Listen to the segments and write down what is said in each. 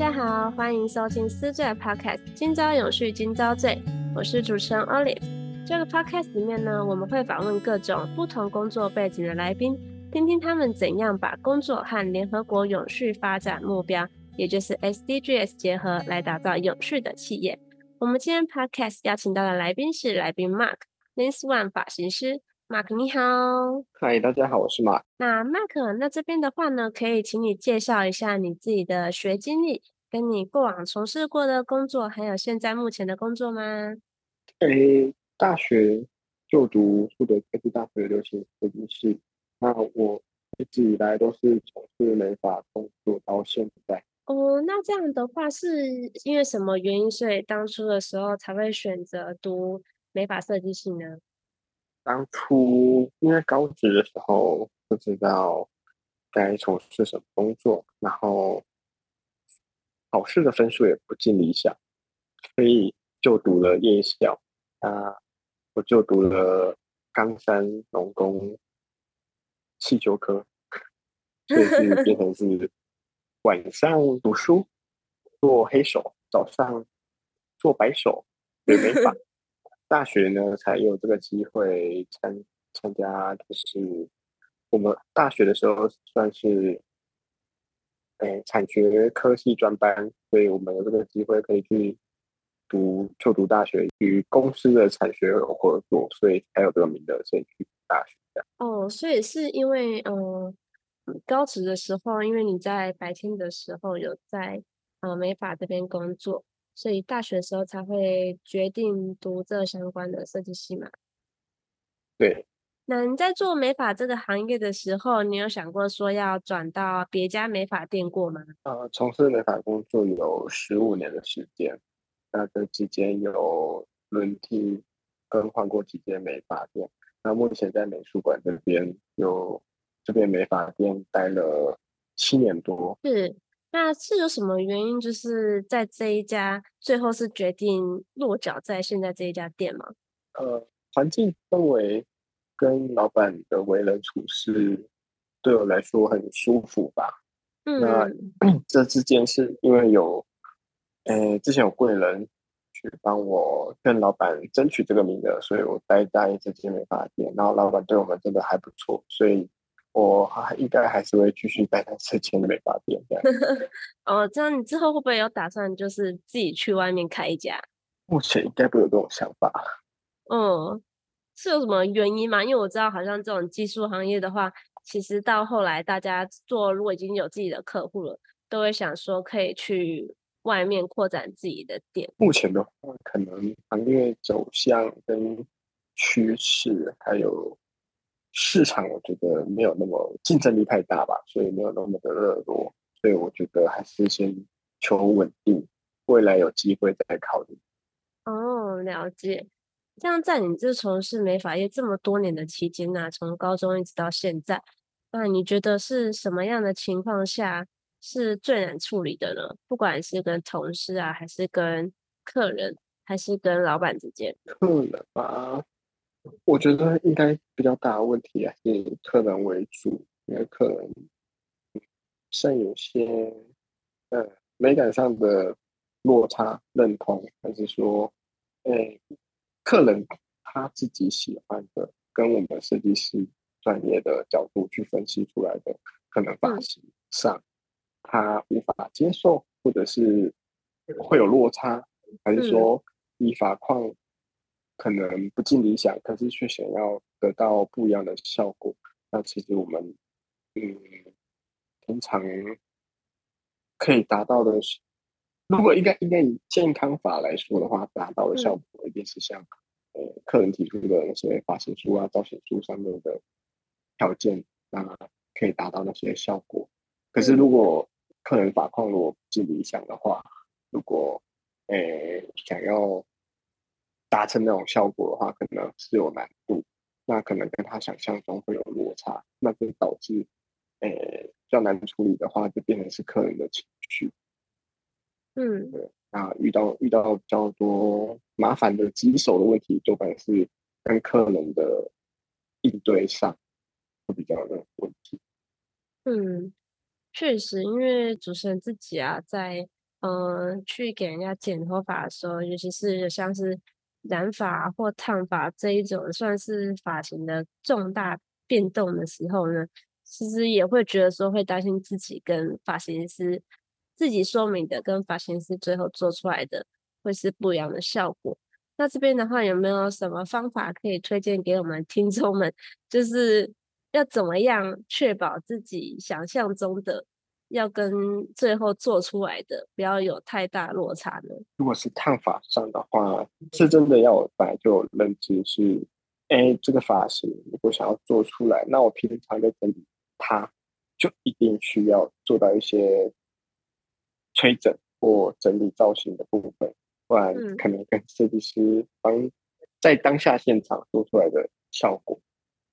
大家好，歡迎收聽《思綴 Podcast》。今朝永續，今朝綴，我是主持人 Olive。這個 Podcast 裡面呢，我們會訪問各種不同工作背景的來賓，聽聽他們怎樣把工作和聯合國永續發展目標，也就是 SDGs 結合，來打造永續的企業。我們今天 Podcast 邀請到的來賓是來賓 Mark，Lin's One 髮型師。馬克你好，嗨，大家好，我是馬。那馬克，Mark，那這邊的話呢，可以請你介紹一下你自己的學經歷，跟你過往從事過的工作，還有現在目前的工作嗎？哎、欸，大學就讀樹德科技大學流行設計系。那我一直以來都是從事美髮工作到現在。哦，那這樣的話，是因為什麼原因，所以當初的時候才會選擇讀美髮設計系呢？當初因為高職的時候不知道該從事什麼工作，然後考試的分數也不盡理想，所以就讀了夜校。啊、呃，我就讀了岡山農工汽修科，所以變成是晚上讀書 做黑手，早上做白手，也沒法。 大學呢才有這個機會參參加，就是我們大學的時候算是，欸、產學科系專班，所以我們有這個機會可以去讀就讀大學與公司的產學合作，所以才有這個名額，所以去大學的。哦，所以是因為嗯、呃，高職的時候，因為你在白天的時候有在呃美髮這邊工作。所以大學時候才會決定讀這相關的設計系嘛？對。那你在做美髮這個行業的時候，你有想過說要轉到別家美髮店過嗎？呃，從事美髮工作有十五年的時間，那這期間有輪替更換過幾間美髮店。那目前在美術館這邊有這邊美髮店待了七年多。是。那是有什麼原因？就是在這一家最後是決定落腳在現在這一家店嗎？呃，環境氛圍跟老板的為人處事，對我來說很舒服吧。嗯，那 這之間是因為有，呃、欸，之前有貴人去幫我跟老闆爭取這個名額，所以我待在這間美髮店，然後老板對我們真的還不錯，所以。我還應該還是會繼續待在之前的美髮店。 哦，這樣你之後會不會有打算，就是自己去外面開一家？目前應該不會有這種想法。嗯，是有什麼原因嗎？因為我知道，好像這種技術行業的話，其實到後來大家做，如果已經有自己的客戶了，都會想說可以去外面擴展自己的店。目前的話，可能行業走向跟趨勢還有，市場我覺得沒有那麼競爭力太大吧，所以沒有那麼的熱度，所以我覺得還是先求穩定，未來有機會再考慮。哦，了解。這樣在你這從事美髮業這麼多年的期間呢，啊，從高中一直到現在，那你覺得是什麼樣的情況下是最難處理的呢？不管是跟同事啊，還是跟客人，還是跟老闆之間？吐能吧。我覺得應該比較大的問題還、啊、是客人為主，因為客人像有些呃、嗯、美感上的落差認同，還是說呃、嗯、客人他自己喜歡的，跟我們設計師專業的角度去分析出來的可能髮型上他無法接受，或者是會有落差，還是說以法框？嗯可能不盡理想，可是卻想要得到不一樣的效果。那其實我們，嗯，通常可以達到的，是，如果應該應該以健康法來說的話，達到的效果一定是像、嗯，呃，客人提出的那些髮型書啊、造型書上面的條件，那可以達到那些效果。可是如果客人髮況如果不盡理想的話，如果，呃，想要。達成那種效果的話，可能是有難度，那可能跟他想象中會有落差，那就導致，誒、欸，比較難處理的話，就變成是客人的情緒，嗯，對。那遇到遇到比較多麻煩的棘手的問題，多半是跟客人的應對上會比較有問題。嗯，確實，因為主持人自己啊，在嗯、呃、去給人家剪頭髮的時候，尤其是像是。染髮或燙髮這一種算是髮型的重大變動的時候呢，其實也會覺得說，會擔心自己跟髮型師自己說明的跟髮型師最後做出來的會是不一樣的效果。那這邊的話有沒有什麼方法可以推薦給我們聽眾們，就是要怎麼樣確保自己想象中的？要跟最後做出來的不要有太大落差的。如果是燙髮上的話，嗯，是真的要本來就有認知是，哎、欸，這個髮型如果想要做出來，那我平常在整理它，就一定需要做到一些吹整或整理造型的部分，不然可能跟設計師幫、嗯、在當下現場做出來的效果，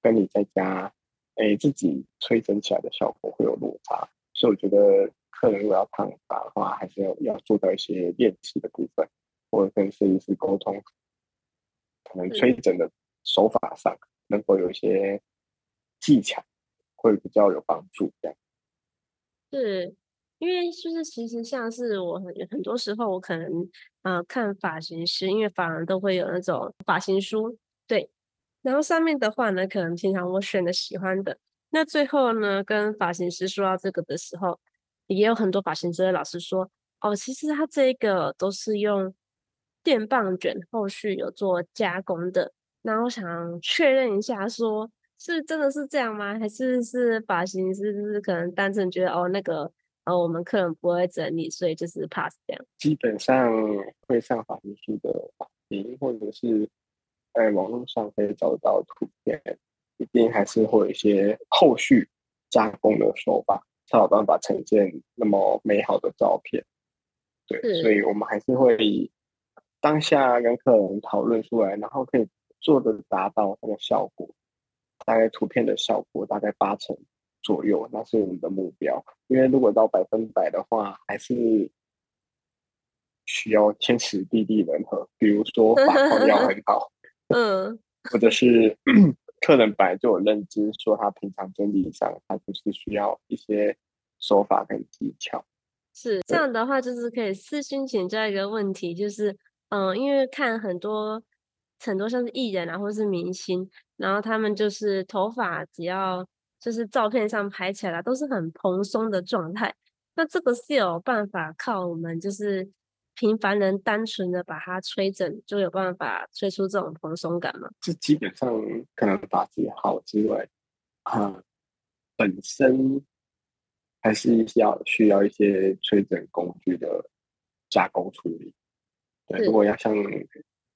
跟你在家哎、欸、自己吹整起來的效果會有落差。所以我覺得，客人如果要燙髮的話，還是要要做到一些練習的部分，或者跟設計師溝通，可能吹整的手法上能夠有一些技巧，會比較有幫助。這樣。是，因為就是其實像是我很多時候我可能呃看髮型師，因為反而都會有那種髮型書，對，然後上面的話呢，可能平常我選的喜歡的。那最後呢，跟髮型師說到這個的時候，也有很多髮型師的老師說：“哦，其實他這個都是用電棒捲，後續有做加工的。”那我想確認一下說，說是真的是這樣嗎？還是是髮型師就是可能單純覺得，哦，那個呃、哦、我們客人不會整理，所以就是 pass 這樣？基本上會上髮型師的視頻，或者是在網絡上可以找得到圖片。一定還是會有一些後續加工的手法，才有辦法呈現那麼美好的照片。對，嗯，所以我們還是會以當下跟客人討論出來，然後可以做的達到它的效果，大概圖片的效果大概八成左右，那是我們的目標。因為如果到百分百的話，還是需要天時地利人和，比如說把風要很好， 嗯，或者是。客人本來就有認知，說他平常整理上，他就是需要一些手法跟技巧。是這樣的話，就是可以私心請教一個問題，就是嗯、呃，因為看很多很多像是藝人啊，或是明星，然後他們就是頭髮只要就是照片上拍起來都是很蓬鬆的狀態，那這個是有辦法靠我們就是。平凡人單純的把它吹整，就有辦法吹出這種蓬鬆感嗎？這基本上可能髮質好之外，啊，本身還是需要需要一些吹整工具的加工處理。對，如果要像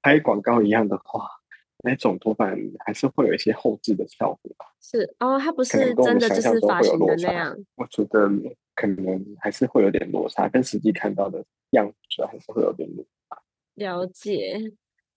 拍廣告一樣的話，那種頭髮還是會有一些後製的效果。是哦，它不是真的就是髮型的那樣。我覺得可能還是會有點落差，跟實際看到的樣子還是會有點難。了解，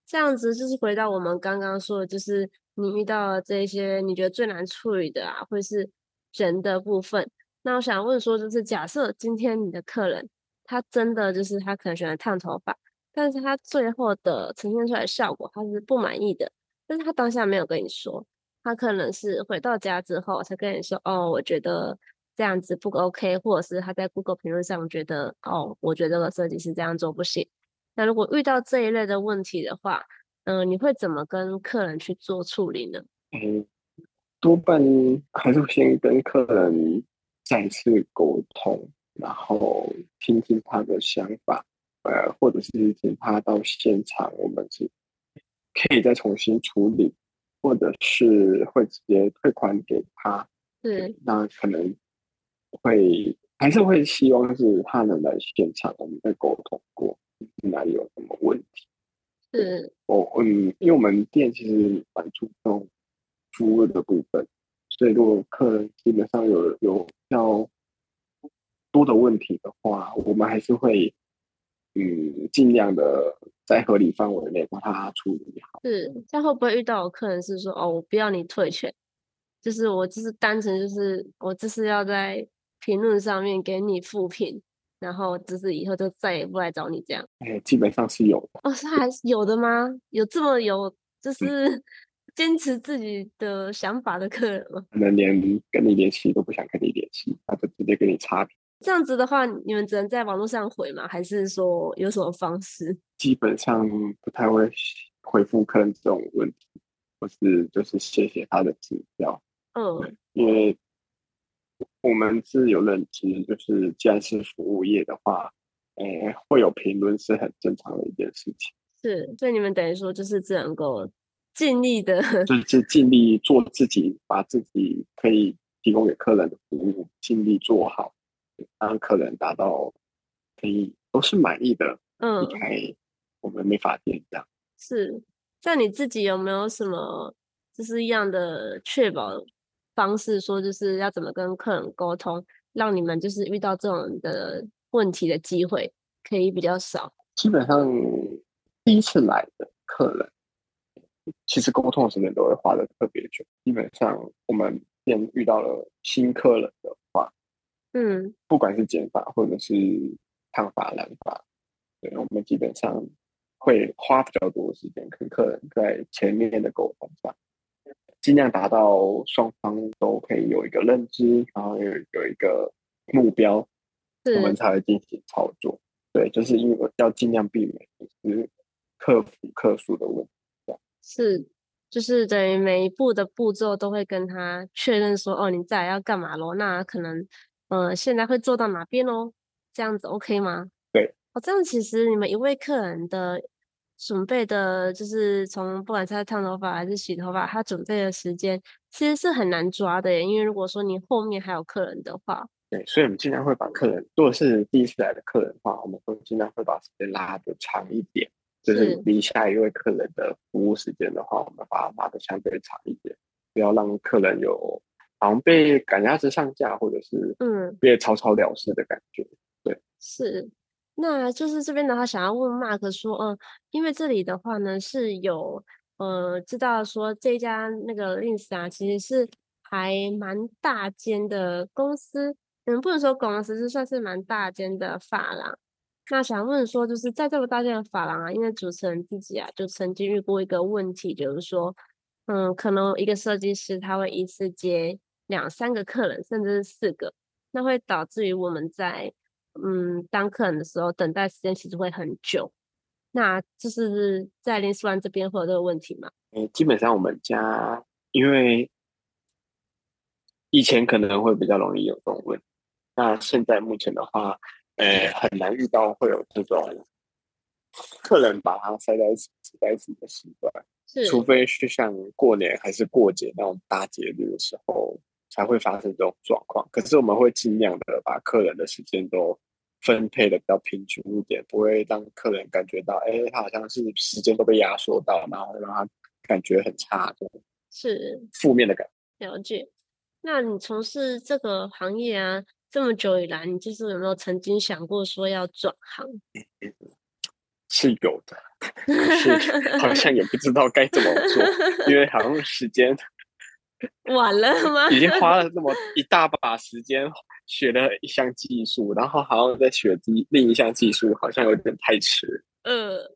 這樣子就是回到我們剛剛說的，就是你遇到這些你覺得最難處理的啊，或者是人的部分。那我想問說，就是假設今天你的客人他真的就是他可能喜歡燙頭髮，但是他最後的呈現出來的效果他是不滿意的，但是他當下沒有跟你說，他可能是回到家之後才跟你說，哦，我覺得。這樣子不 OK，或者是他在 Google 評論上覺得哦，我覺得這個設計師這樣做不行。那如果遇到這一類的問題的話，嗯，你會怎麼跟客人去做處理呢？嗯，多半還是先跟客人再次溝通，然後聽聽他的想法，呃，或者是請他到現場，我們是可以再重新處理，或者是會直接退款給他。對，那可能。會還是會希望是他能來現場，我們再溝通過，哪有什麼問題？是我，哦，嗯，因為我們店其實蠻注重服務的部分，所以如果客人基本上有有比較多的問題的話，我們還是會嗯盡量的在合理範圍內把它處理好。是，這樣會不會遇到有客人是說哦，我不要你退錢，就是我就是單純就是我就是要在評論上面給你復評，然後就是以後就再也不來找你這樣。哎、欸，基本上是有。哦，是還是有的嗎？有這麼有是就是堅持自己的想法的客人嗎？可能連跟你聯繫都不想跟你聯繫，他就直接跟你差評。這樣子的話，你們只能在網絡上回嗎？還是說有什麼方式？基本上不太會回復客人這種問題，或、就是就是謝謝他的指教。嗯，因為。我們是有認知，就是既然是服務業的話，誒、呃，會有評論是很正常的一件事情。是，所以你們等於說就是只能夠了盡力的，就是盡力做自己，把自己可以提供給客人的服務盡力做好，讓客人達到可以都是滿意的。嗯，才我們沒法點的樣。是，那你自己有沒有什麼就是一樣的確保方式說，就是要怎麼跟客人溝通，讓你們就是遇到這種的問題的機會可以比較少。基本上，第一次來的客人，其實溝通的時間都會花得特別久。基本上，我們便遇到了新客人的話，嗯，不管是剪髮或者是燙髮、染髮，對，我們基本上會花比較多的時間跟客人在前面的溝通上。盡量達到雙方都可以有一個認知，然後有有一個目標，我們才會進行操作。對，就是因為要盡量避免就是克服客訴的問題。是，就是等於每一步的步驟都會跟他確認說：“哦，你再來要幹嘛咯，那可能呃現在會做到哪邊咯？這樣子 OK 嗎？”對。哦，這樣其實你們一位客人的。準備的就是從不管是在燙頭髮還是洗頭髮，他準備的時間其實是很難抓的耶。因為如果說你後面還有客人的話，對，所以我們盡量會把客人，如果是第一次來的客人的話，我們會盡量會把時間拉的長一點，就是離下一位客人的服務時間的話，我們把它拉的相對長一點，不要讓客人有好像被趕鴨子上架，或者是嗯被草草了事的感覺。嗯、對，是。那就是這邊的話，想要問 Mark 說，嗯，因為這裡的話呢，是有呃知道說這家那個 Lin's one 啊，其實是還蠻大間的公司，嗯，不能說公司，是算是蠻大間的髮廊。那想要問說，就是在這麼大間的髮廊啊，因為主持人自己啊，就曾經遇過一個問題，就是說，嗯，可能一個設計師他會一次接兩三個客人，甚至是四個，那會導致於我們在嗯，當客人的時候，等待時間其實會很久。那就是在 Lin's one 這邊會有這個問題嗎？嗯、欸，基本上我們家因為以前可能會比較容易有這種問題，那現在目前的話，呃、欸，很難遇到會有這種客人把它塞在一起、擠在一起的習慣，除非是像過年還是過節那種大節日的時候。才會發生這種狀況。可是我們會盡量的把客人的時間都分配的比較平均一點，不會讓客人感覺到，哎，他好像是時間都被壓縮到，然後讓他感覺很差，這是負面的感。了解。那你從事這個行業啊，這麼久以來，你就是有沒有曾經想過說要轉行？是有的，是好像也不知道該怎麼做， 因為好像時間。晚了嗎？ 已經花了這麼一大把時間學了一項技術，然後好像在學第另一項技術，好像有點太遲。呃，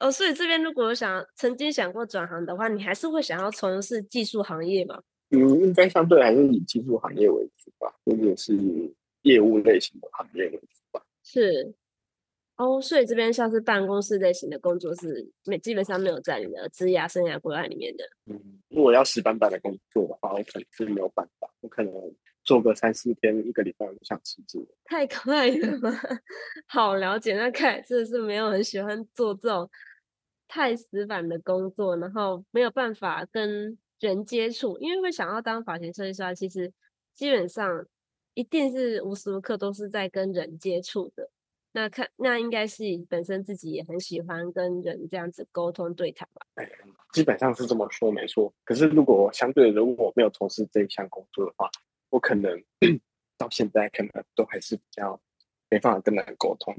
哦，所以這邊如果我想曾經想過轉行的話，你還是會想要從事技術行業嗎？嗯，應該相對還是以技術行業為主吧，或者是以業務類型的行業為主吧？是。哦、oh，所以這邊像是辦公室類型的工作是沒基本上沒有在你的職涯生涯規劃裡面的。嗯，如果要死板板的工作的話，我可能是沒有辦法，我可能做個三四天一個禮拜就想辭職。太快了嗎？好了解，那看來真的是沒有很喜歡做這種太死板的工作，然後沒有辦法跟人接觸，因為會想要當髮型設計師啊，其實基本上一定是無時無刻都是在跟人接觸的。那看，那應該是本身自己也很喜歡跟人這樣子溝通對談吧。哎，基本上是這麼說沒錯。可是如果相對的，如果我沒有從事這一項工作的話，我可能到現在可能都還是比較沒辦法跟人溝通。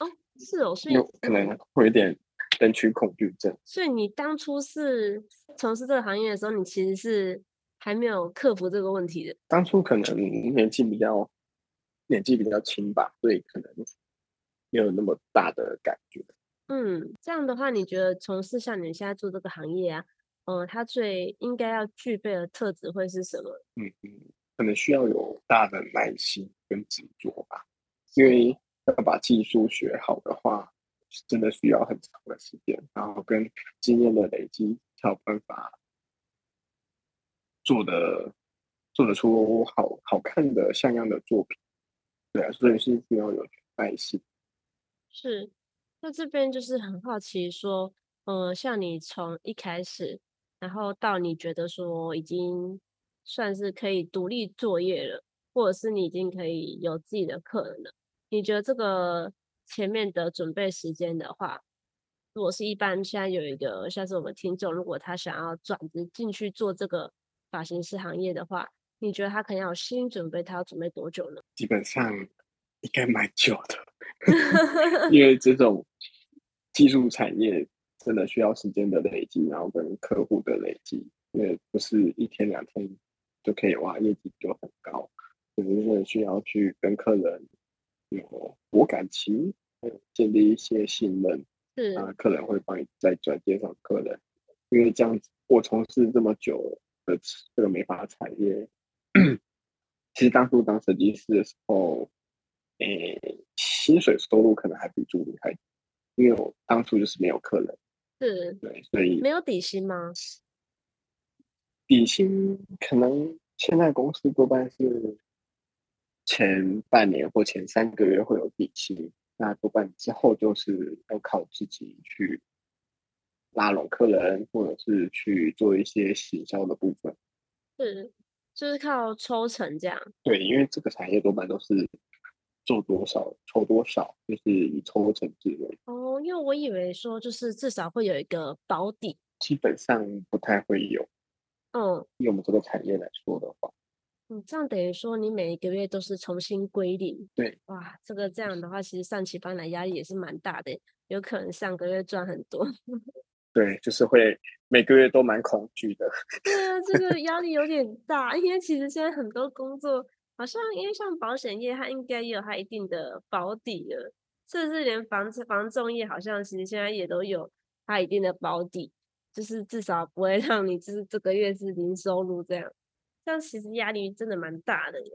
哦，是哦，所以可能會有點人群恐懼症。所以你當初是從事這個行業的時候，你其實是還沒有克服這個問題的。當初可能年紀比較年紀比較輕吧，所以可能。沒有那麼大的感覺。嗯，這樣的話，你覺得從事像你們現在做這個行業啊，嗯、呃，他最應該要具備的特質會是什麼？嗯嗯，可能需要有大的耐心跟執着吧，因為要把技術學好的話，真的需要很長的時間，然後跟經驗的累積才有辦法做的做得出好好看的像樣的作品。對啊，所以是需要有耐心。是，那這邊就是很好奇說，呃，像你從一開始，然後到你覺得說已經算是可以獨立作業了，或者是你已經可以有自己的客人了，你覺得這個前面的準備時間的話，如果是一般，現在有一個像是我們聽眾，如果他想要轉職進去做這個髮型師行業的話，你覺得他可能要先準備，他要準備多久呢？基本上。應該蠻久的 因為這種技術產業真的需要時間的累積，然後跟客戶的累積，因為不是一天兩天就可以哇業績就很高，就是真的需要去跟客人有我感情，建立一些信任。是啊，客人會幫你再轉介紹客人，因為這樣子，我從事這麼久的這個美髮產業， 其實當初當設計師的時候。誒、欸，薪水收入可能還不如助理還因為我當初就是沒有客人，是，對，所以沒有底薪嗎？底薪可能現在公司多半是前半年或前三個月會有底薪，那多半之後就是要靠自己去拉攏客人，或者是去做一些行銷的部分。是，就是靠抽成這樣。對，因為這個產業多半都是。做多少抽多少，就是以抽成制為哦。因為我以為說，就是至少會有一個保底，基本上不太會有。嗯，用我們這個產業來說的話，嗯，這樣等於說，你每一個月都是重新歸零。對，哇，這個這樣的話，其實上起班來壓力也是蠻大的，有可能上個月賺很多。對，就是會每個月都蠻恐懼的。對啊，這個壓力有點大， 因為其實現在很多工作。好像因為像保險業，它應該也有它一定的保底了，甚至連房子房仲業好像其實現在也都有它一定的保底，就是至少不會讓你就是這個月是零收入這樣，這樣其實壓力真的蠻大的耶。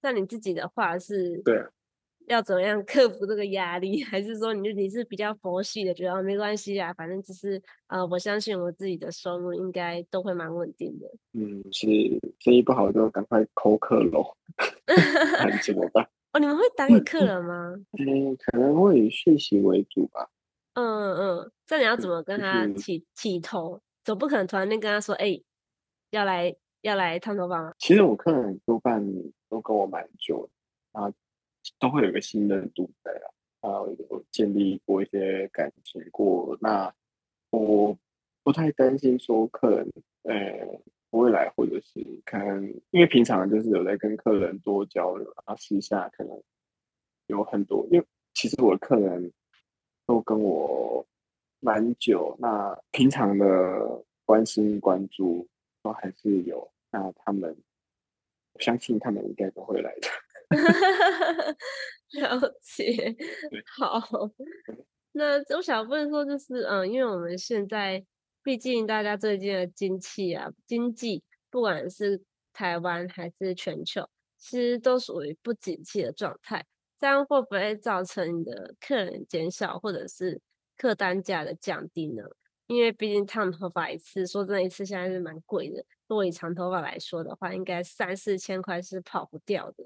但你自己的話是？對。要怎麼樣克服這個壓力？還是說你你是比較佛系的，覺得沒關係啊，反正只是啊、呃，我相信我自己的收入應該都會蠻穩定的。嗯，所以生意不好就趕快扣客嘍，你 怎麼辦。 哦，你們會打給客人嗎嗯？嗯，可能會以訊息為主吧。嗯嗯嗯，這你要怎麼跟他起、就是、起頭？總不可能突然間跟他說：“哎、欸，要來要來燙頭髮。”其實我客人多半都跟我蠻久的啊。都會有一個信任度在啊，還有建立過一些感情過。那我不太擔心說客人呃、欸、不會來，或者是可能因為平常就是有在跟客人多交流啊，私下可能有很多。因為其實我客人都跟我蠻久，那平常的關心關注都還是有。那他們，相信他們應該都會來的。哈，哈哈哈，了解，好。那我想問說，就是嗯，因為我們現在畢竟大家最近的經濟啊，經濟不管是台灣還是全球，其實都屬於不景氣的狀態。這樣會不會造成你的客人減少，或者是客單價的降低呢？因為畢竟燙頭髮一次，說真的一次，現在是蠻貴的。如果以長頭髮來說的話，應該三四千塊是跑不掉的。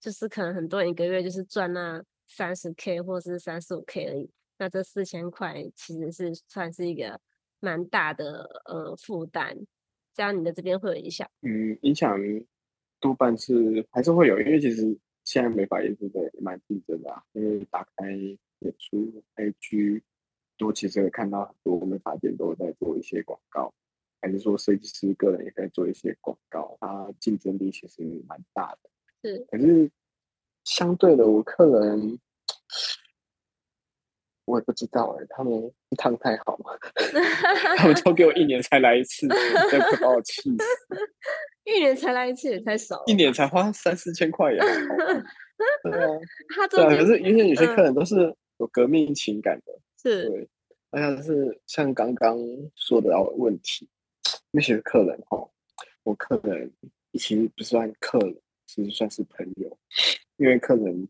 就是可能很多人一個月就是賺那三十 K 或是三十五 K 而已，那這四千塊其實是算是一個蠻大的呃負擔，這樣你的這邊會有影響？嗯，影響多半是還是會有，因為其實現在美髮業是蠻競爭的、啊，因為打開演出 IG 都其實會看到很多美髮店都有在做一些廣告，還是說設計師個人也在做一些廣告，它競爭力其實蠻大的。是，可是相對的，我客人我也不知道哎、欸，他們燙太好， 他們都給我一年才來一次，真 把我氣死。 一年才來一次也太少，一年才花三四千塊呀。 對啊， 他對、啊，可是有些有些客人都是有革命情感的，是、嗯、對，而且是像剛剛說的問題，那些客人哦，我客人其實不算客人。其實算是朋友，因為客人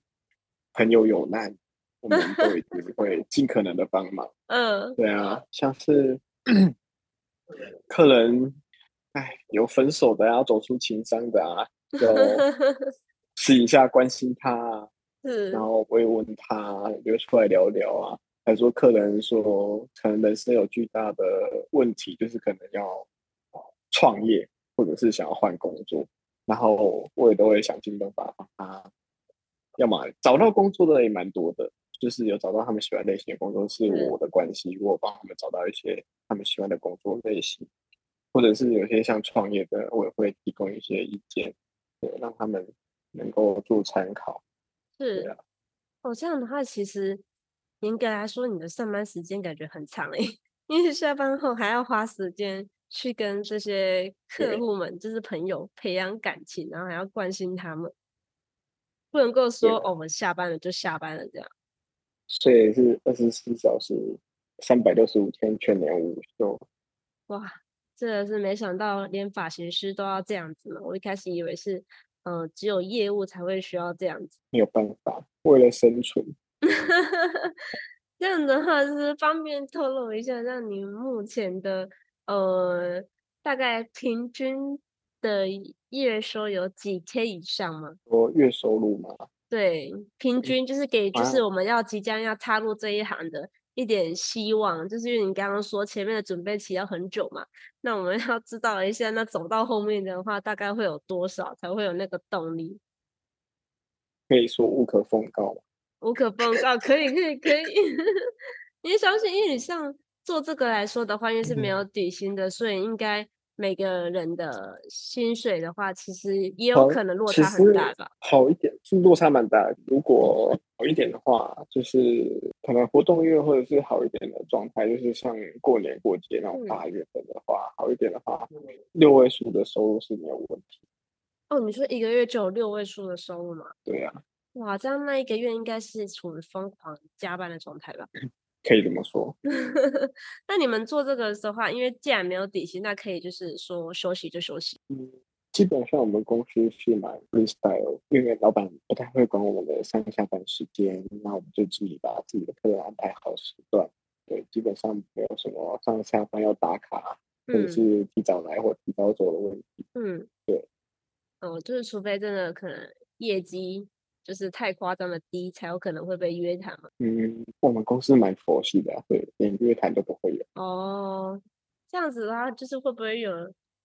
朋友有難，我們都一定會盡可能的幫忙。嗯、呃，對啊，像是 客人，哎，有分手的、啊，要走出情傷的啊，就私底一下關心他啊， 然後慰問他，約出來聊聊啊。還說客人說，可能人生有巨大的問題，就是可能要創業，或者是想要換工作。然後我也都會想盡辦法幫他，要麼找到工作的也蠻多的，就是有找到他們喜歡類型的工作，是我的關係，我幫他們找到一些他們喜歡的工作類型，或者是有些像創業的，我也會提供一些意見，對，讓他們能夠做參考。是啊，哦，這樣的話，其實嚴格來說，你的上班時間感覺很長誒，因為下班後還要花時間。去跟這些客戶們，就是朋友培養感情，然後還要關心他們，不能夠說、yeah. 哦、我們下班了就下班了這樣。所以是二十四小時、三百六十五天全年無休。哇，真的是沒想到，連髮型師都要這樣子嘛。我一開始以為是，呃，只有業務才會需要這樣子。沒有辦法，為了生存。 這樣的話，就是方便透露一下，讓您目前的。呃，大概平均的月收有幾 K 以上嗎？說月收入嗎？對，平均就是給，就是我們要即將要踏入這一行的一點希望，啊、就是因為你剛剛說前面的準備期要很久嘛，那我們要知道一下，那走到後面的話，大概會有多少才會有那個動力？可以說無可奉告嗎？無可奉告，可以，可以，可以，因為相信因為你像。做這個來說的話，因為是沒有底薪的，嗯，所以應該每個人的薪水的話，其實也有可能落差很大吧。好一點是落差蠻大。如果好一點的話，就是可能活動月或者是好一點的狀態，就是像過年過節那種八月份的話，嗯，好一點的話，六位數的收入是沒有問題。哦，你說一個月就有六位數的收入嗎？對啊。哇，這樣那一個月應該是處於瘋狂加班的狀態吧？可以這麼說？ 那你們做這個的話，因為既然沒有底薪，那可以就是說休息就休息。嗯，基本上我們公司是蠻 freestyle，因為老闆不太會管我們的上下班時間，那我們就自己把自己的客人安排好時段。對，基本上沒有什麼上下班要打卡，或者是，嗯，提早來或提早走的問題。嗯，對。哦，就是除非真的可能業績，就是太誇張的低，才有可能會被約談嘛。嗯，我們公司蠻佛系的，會連約談都不會有。哦，這樣子的話，就是會不會有？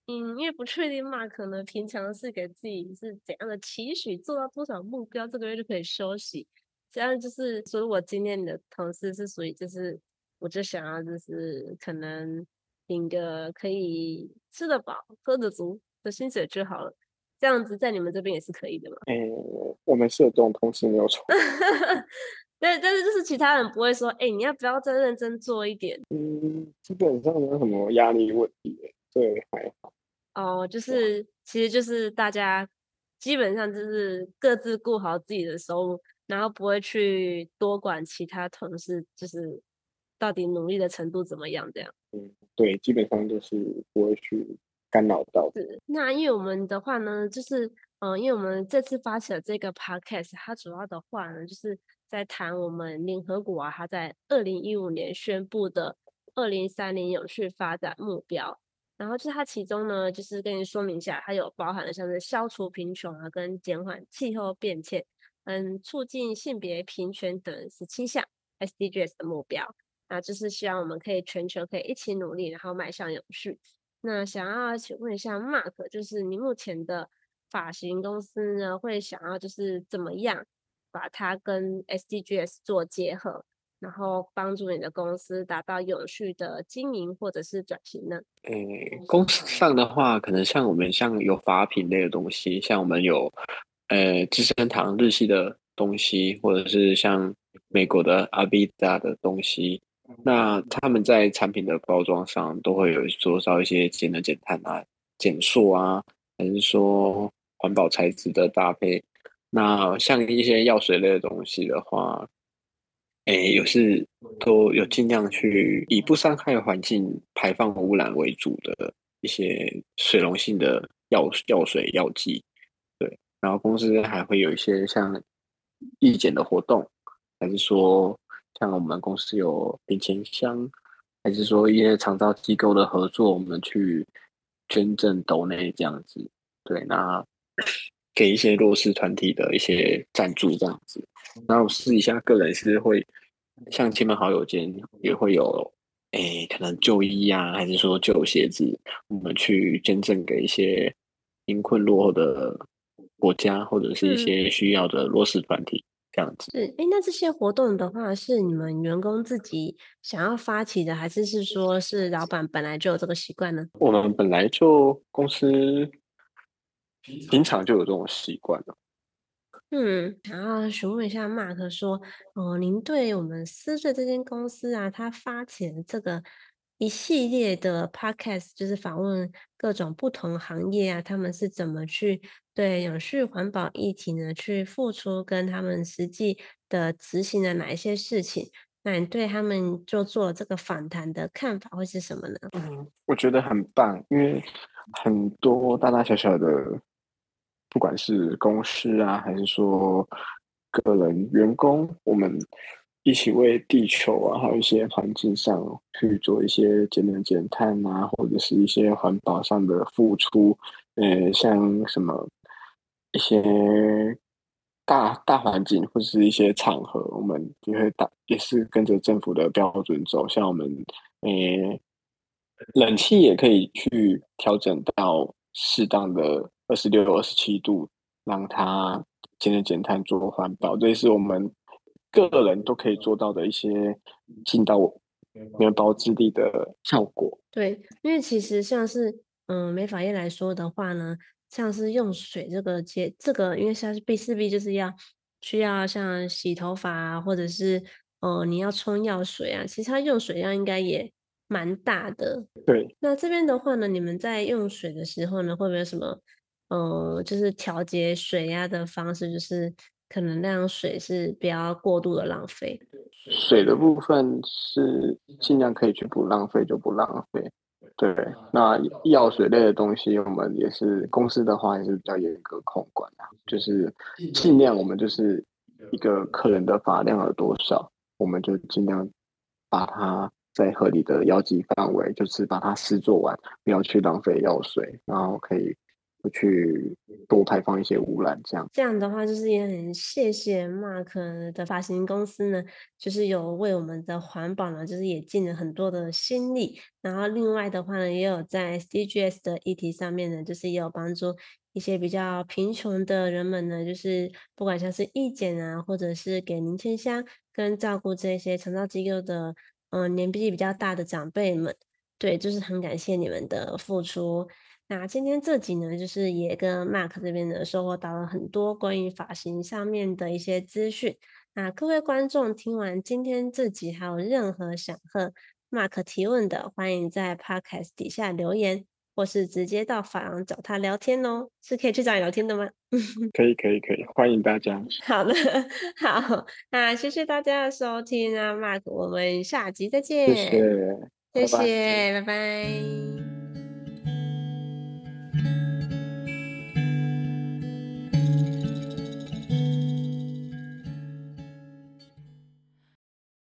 嗯，因為不確定嘛，可能平常是給自己是怎樣的期許，做到多少目標，這個月就可以休息。這樣就是，所以我今天你的同事是屬於就是，我就想要就是，可能領個可以吃得飽、喝得足的薪水就好了。這樣子在你們這邊也是可以的嗎？嗯，我們是有這種同事沒有錯。但 但是就是其他人不會說，哎、欸，你要不要再認真做一點？嗯，基本上沒有什麼壓力問題，對，還好。哦，就是其實就是大家基本上就是各自顧好自己的收入，然後不會去多管其他同事，就是到底努力的程度怎麼樣這樣。嗯，對，基本上就是不會去。干擾到是那，因為我們的話呢，就是嗯、呃，因為我們這次發起的這個 podcast，它主要的話呢，就是在談我們聯合國啊，它在二零一五年宣布的二零三零永續發展目標，然後就是它其中呢，就是跟你說明一下，它有包含了像是消除貧窮啊，跟減緩氣候變遷，嗯，促進性別平權等十七項 SDGs 的目標啊，那就是希望我們可以全球可以一起努力，然後邁向永續。那想要請問一下，Mark，就是你目前的髮型公司呢，會想要就是怎麼樣把它跟 SDGs 做結合，然後幫助你的公司達到永續的經營或者是轉型呢？呃，公司上的話，可能像我們像有髮品類的東西，像我們有呃資生堂日系的東西，或者是像美國的 Aveda 的東西。那他們在產品的包裝上都會有多少一些節能、減碳啊、減塑啊，還是說環保材質的搭配？那像一些藥水類的東西的話，誒、欸，有是都有盡量去以不傷害環境、排放和污染，為主的一些水溶性的藥藥水藥劑。對，然後公司還會有一些像義剪的活動，還是說？像我們公司有零錢箱，還是說一些長照機構的合作，我們去捐贈斗內這樣子。對，那給一些弱勢團體的一些贊助這樣子。然後試一下個人是會，像親朋好友間也會有，哎，可能舊衣啊，還是說舊鞋子，我們去捐贈給一些貧困落後的國家或者是一些需要的弱勢團體。嗯這樣子哎、欸，那這些活動的話，是你們員工自己想要發起的，還是是說是老闆本來就有這個習慣呢？我們本來就公司平常就有這種習慣了。嗯，然後詢問一下 Mark 說，哦，您對我們思綴這間公司啊，他發起的這個一系列的 Podcast，就是訪問各種不同行業啊，他們是怎麼去？對，永續環保議題呢，去付出跟他們實際的執行了哪一些事情？那你對他們就做做這個訪談的看法會是什麼呢？嗯，我覺得很棒，因為很多大大小小的，不管是公司啊，還是說個人員工，我們一起為地球啊，還有一些環境上去做一些節能減碳啊，或者是一些環保上的付出，呃，像什麼。一些大大環境或者是一些場合，我們也會打，也是跟着政府的標準走。像我們誒、欸，冷氣也可以去調整到適當的二十六、二十七度，讓它節能減碳，做環保，這也是我們個人都可以做到的一些盡到我綿薄之力的效果。對，因為其實像是嗯，美髮業來說的話呢。像是用水這個接，這個，因為像是必四必，就是要需要像洗頭髮啊，或者是哦、呃、你要沖藥水啊，其實它用水量應該也蠻大的。對。那這邊的話呢，你們在用水的時候呢，會不會有什麼？嗯、呃，就是調節水壓的方式，就是可能那樣水是不要過度的浪費。水的部分是盡量可以去不浪費就不浪費。對，那藥水類的東西，我們也是公司的話，也是比較嚴格控管的，就是盡量我們就是一個客人的髮量有多少，我們就盡量把它在合理的藥劑範圍，就是把它施做完，不要去浪費藥水，然後可以，去多排放一些污染。這樣，這樣的話就是，也很謝謝 Mark 的髮型公司呢，就是有為我們的環保呢，就是也盡了很多的心力。然後另外的話呢，也有在 SDGs 的議題上面呢，就是也有幫助一些比較貧窮的人們呢，就是不管像是義剪啊，或者是給零錢箱，跟照顧這些長照機構的嗯年紀比較大的長輩們，對，就是很感謝你們的付出。那今天這集呢，就是也跟 Mark 這邊呢收穫到了很多關於髮型上面的一些資訊。那各位觀眾聽完今天這集，還有任何想和 Mark 提問的，歡迎在 Podcast 底下留言，或是直接到髮廊找他聊天哦。是可以去找你聊天的嗎？ 可以可以可以，歡迎大家。好的，好，那謝謝大家的收聽啊，Mark，我們下集再見。謝謝，謝謝 bye bye 拜拜。